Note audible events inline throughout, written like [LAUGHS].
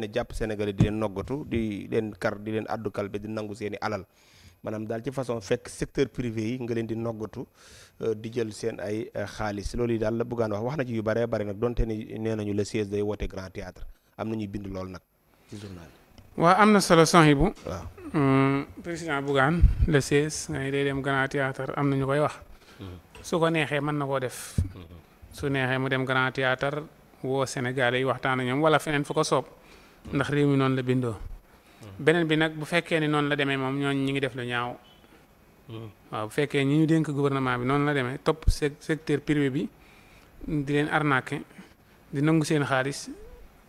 ne jàpp sénégalais di leen noggatu di leen kar di leen addu kalbe di nangu seen i alal maanaam daal ci façon fekk secteur privé yi nga leen di noggatu euh, di jël seen ay euh, xaalis loolu yi daal la bëggaan wax wax na ci yu bare bare nag donte ni nee nañu le siège day woote grand théâtre am na ñuy bind loolu nag ci journal waaw day dem grand théâtre am na ñu koy wax su ko neexee mën na koo def su neexee mu dem grand théâtre woo Sénégalais yi ñoom wala feneen fu ko soob ndax réew mi noonu la bindoo beneen bi nag bu fekkee ni noonu la demee moom ñooñ ñi ngi def lu ñaaw waaw bu fekkee ñi ñu dénk gouvernement bi noonu la demee topp secteur privé bi di leen arnaqué di nangu seen xaalis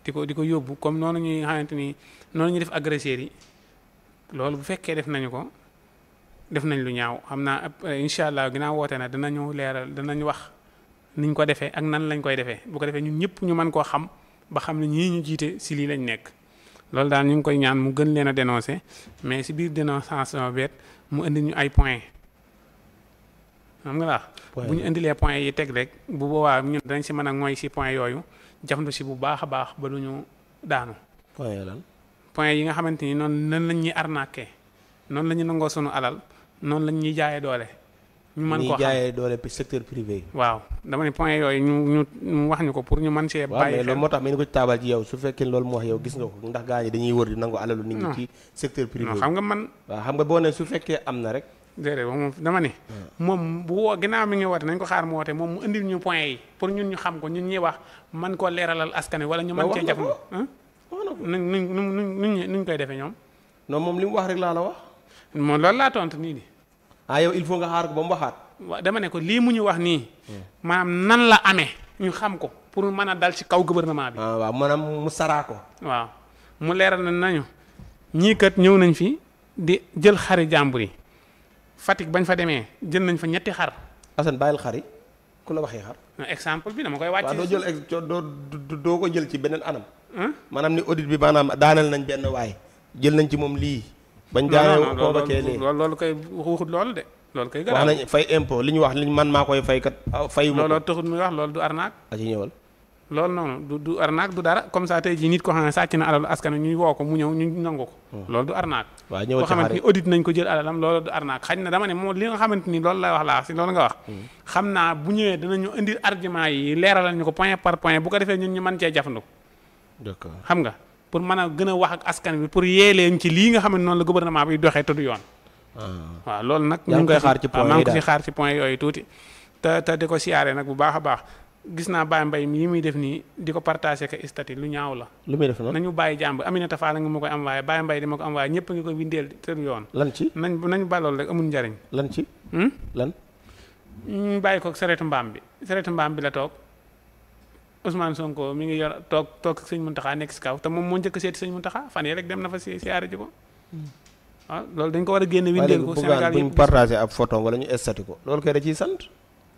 di ko di ko yóbbu comme noonu ñuy xamante ni noonu ñu def agresseurs yi loolu bu fekkee def nañu ko def nañ lu ñaaw xam naa incha allah ginnaaw woote na danañu leeral danañ wax niñ ko defee ak nan lañ koy defee bu ko defee ñun ñëpp ñu mën koo xam ba xam ne ñii ñu jiite si lii lañ nekk loolu daan ñu ngi koy ñaan mu gën leen a dénoncé mais si biir dénonciation beet mu indi ñu ay point xam nga laax bu ñu indilee point yi teg rek bu boobaa ñun dañ si mën a mooy si point yooyu jafandu si bu baax a baax ba du ñu daanu. point lan yi nga xamante ni noonu nan lañ ñuy arnaqué noonu la ñu nangoo sunu alal noonu lañ ñuy jaayee doole. ñu man koo xam jaayee doole secteur privé. waaw dama ne yooyu ñu wax ñu ko pour ñu mën see. bàyyi moo tax ma ne taabal ji yow su fekkee loolu mu wax yow gis nga ko ndax gaa ñi dañuy wër di nangu alalu xam nga man. waaw xam nga boo ne su fekkee am na rek. déedéet moom dama ne. Hmm. moom bu woo ginnaaw mi ngi woote nañ ko xaar mu woote moom mu indil ñu point yi pour ñun ñu xam ko ñun ñuy wax man koo leeralal askan wi wala ñu mën cee jaf na hmm? nuñ nuñ nuñ nuñ koy defee ñoom. non moom li mu wax rek laa la wax. moom loolu laa tontu nii di ah yow il faut nga xaar ko ba mu waxaat. waaw dama ne ko lii mu ñu wax nii. maanaam nan la amee ñu xam ko pour mën a dal ci kaw gouvernement bi. ah waaw maanaam mu saraa ko. waaw mu leeral nañu ñii ñëw nañ fi di jël xari jàmbur yi Fatick bañ fa demee jël nañ fa ñetti xar. Assane bàyyil xari ku la waxee xar. exemple bi dama koy wàcc. doo jël ex doo doo ko jël ci beneen anam. maanaam ni audit bi maanaam daaneel nañ benn waay jël nañ ci moom lii. bañ jaaree loolu koy waxut loolu de loolu koy wax nañ fay impôt li ñu wax liñ man maa koy fay kat ah, fayu ma loolu taxut muy wax loolu du arnaque a ci ñëwal loolu noonu du du arnaque du dara comme sa tey jii nit ko xam ne sàcc na alalu askan ñuy woo ko mu ñëw ñu nangu ko hmm. loolu du arnaque waaw ñëw ko xamante ni audit nañ ko jël alalam loolu du arnaque xañ na dama ne moom li nga xamante ni loolu lay wax laa si loolu nga wax hmm. xam naa bu ñëwee danañu indi argument yi leeralal ñu ko point par point bu ko defee ñun ñu mën cee jafandu d'accord xam nga pour mën a gën a wax ak askan bi pour yee leen ci lii nga xam ne noonu la gouvernement bi doxee te du yoon. Ah. waaw loolu nag. ñu ngi koy xaar ci point xaar ci point yooyu tuuti. te te di ko siyaaree nag bu baax a baax gis naa Baye Mbaye mii muy def nii di ko partagé que statut lu ñaaw la. lu muy def na nañu bàyyi jàmb Aminata Fall nga ma koy am waaye Baye Mbaye di ma ko am waaye ñëpp ngi ko windeel te du yoon. lan ci nañ nañ balool rek amul njariñ. lan ci. Hmm? lan. Hmm, bàyyi ko sareetu mbaam bi sareetu mbaam bi la toog Ousmane Sonko mi ngi yor toog toog ak sëñ Muntaxa nekk si kaw te moom moo njëkk seet seeti sëñ Muntaxa fan yii rek dem na fa si siyaare ji ko hmm. ah, loolu dañ ko war a génne. windeel ko Sénégal yëpp bu ñu partagé wala ñu estati ko loolu kay da ciy sant.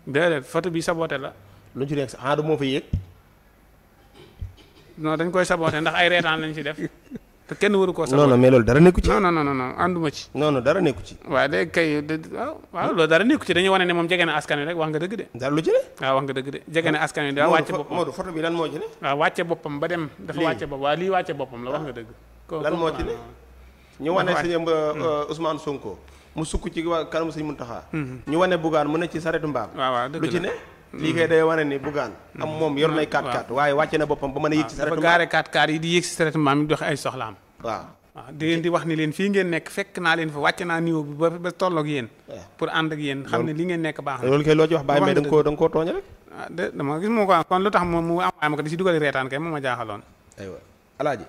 déedéet photo bi saboté la. lu ci nekk sax ah du moo fa yéeg. non dañ koy saboté ndax ay reetaan lañ si def. [LAUGHS] te kenn waru koo. non non mais loolu dara nekku ci. non non non non ànduma ci. non non dara nekku ci. waaw léegi kay waaw waaw loolu dara nekku ci dañuy wane ne moom jege na askan wi rek wax nga dëgg de. dara lu ci ne. waaw wax nga wàcce boppam Modou photo bi lan moo ci ne. waaw wàcce boppam ba dem. dafa wàcce boppam waaw lii wàcce boppam la wax nga ah. dëgg. lan moo ci ne. ñu wane sëñ hmm. euh, Ousmane Sonko mu sukk ci kanam sëñ Mountakha. Hmm. ñu wane Bougane mu ne ci saretu mbaam. waaw waa dëgg lu ne. lii kay day wane ni Bougane am moom yor nay 4-4 waaye wàcce na boppam ba mën a yëg ci saretu dafa gaare 4 ay soxlaam waaw di leen wax ni leen fii ngeen nekk fekk naa leen fa wàcc naa niveau bi ba ba tolloog yéen eh. pour ànd ak xam ne li ngeen nekk baax na loolu kay loo ci wax bàyyi mais da nga koo da nga koo tooñ rek ah, dama gis moo ko kon lu tax mu am ma ko di si dugal reetaan kay moom ma jaaxaloon aywa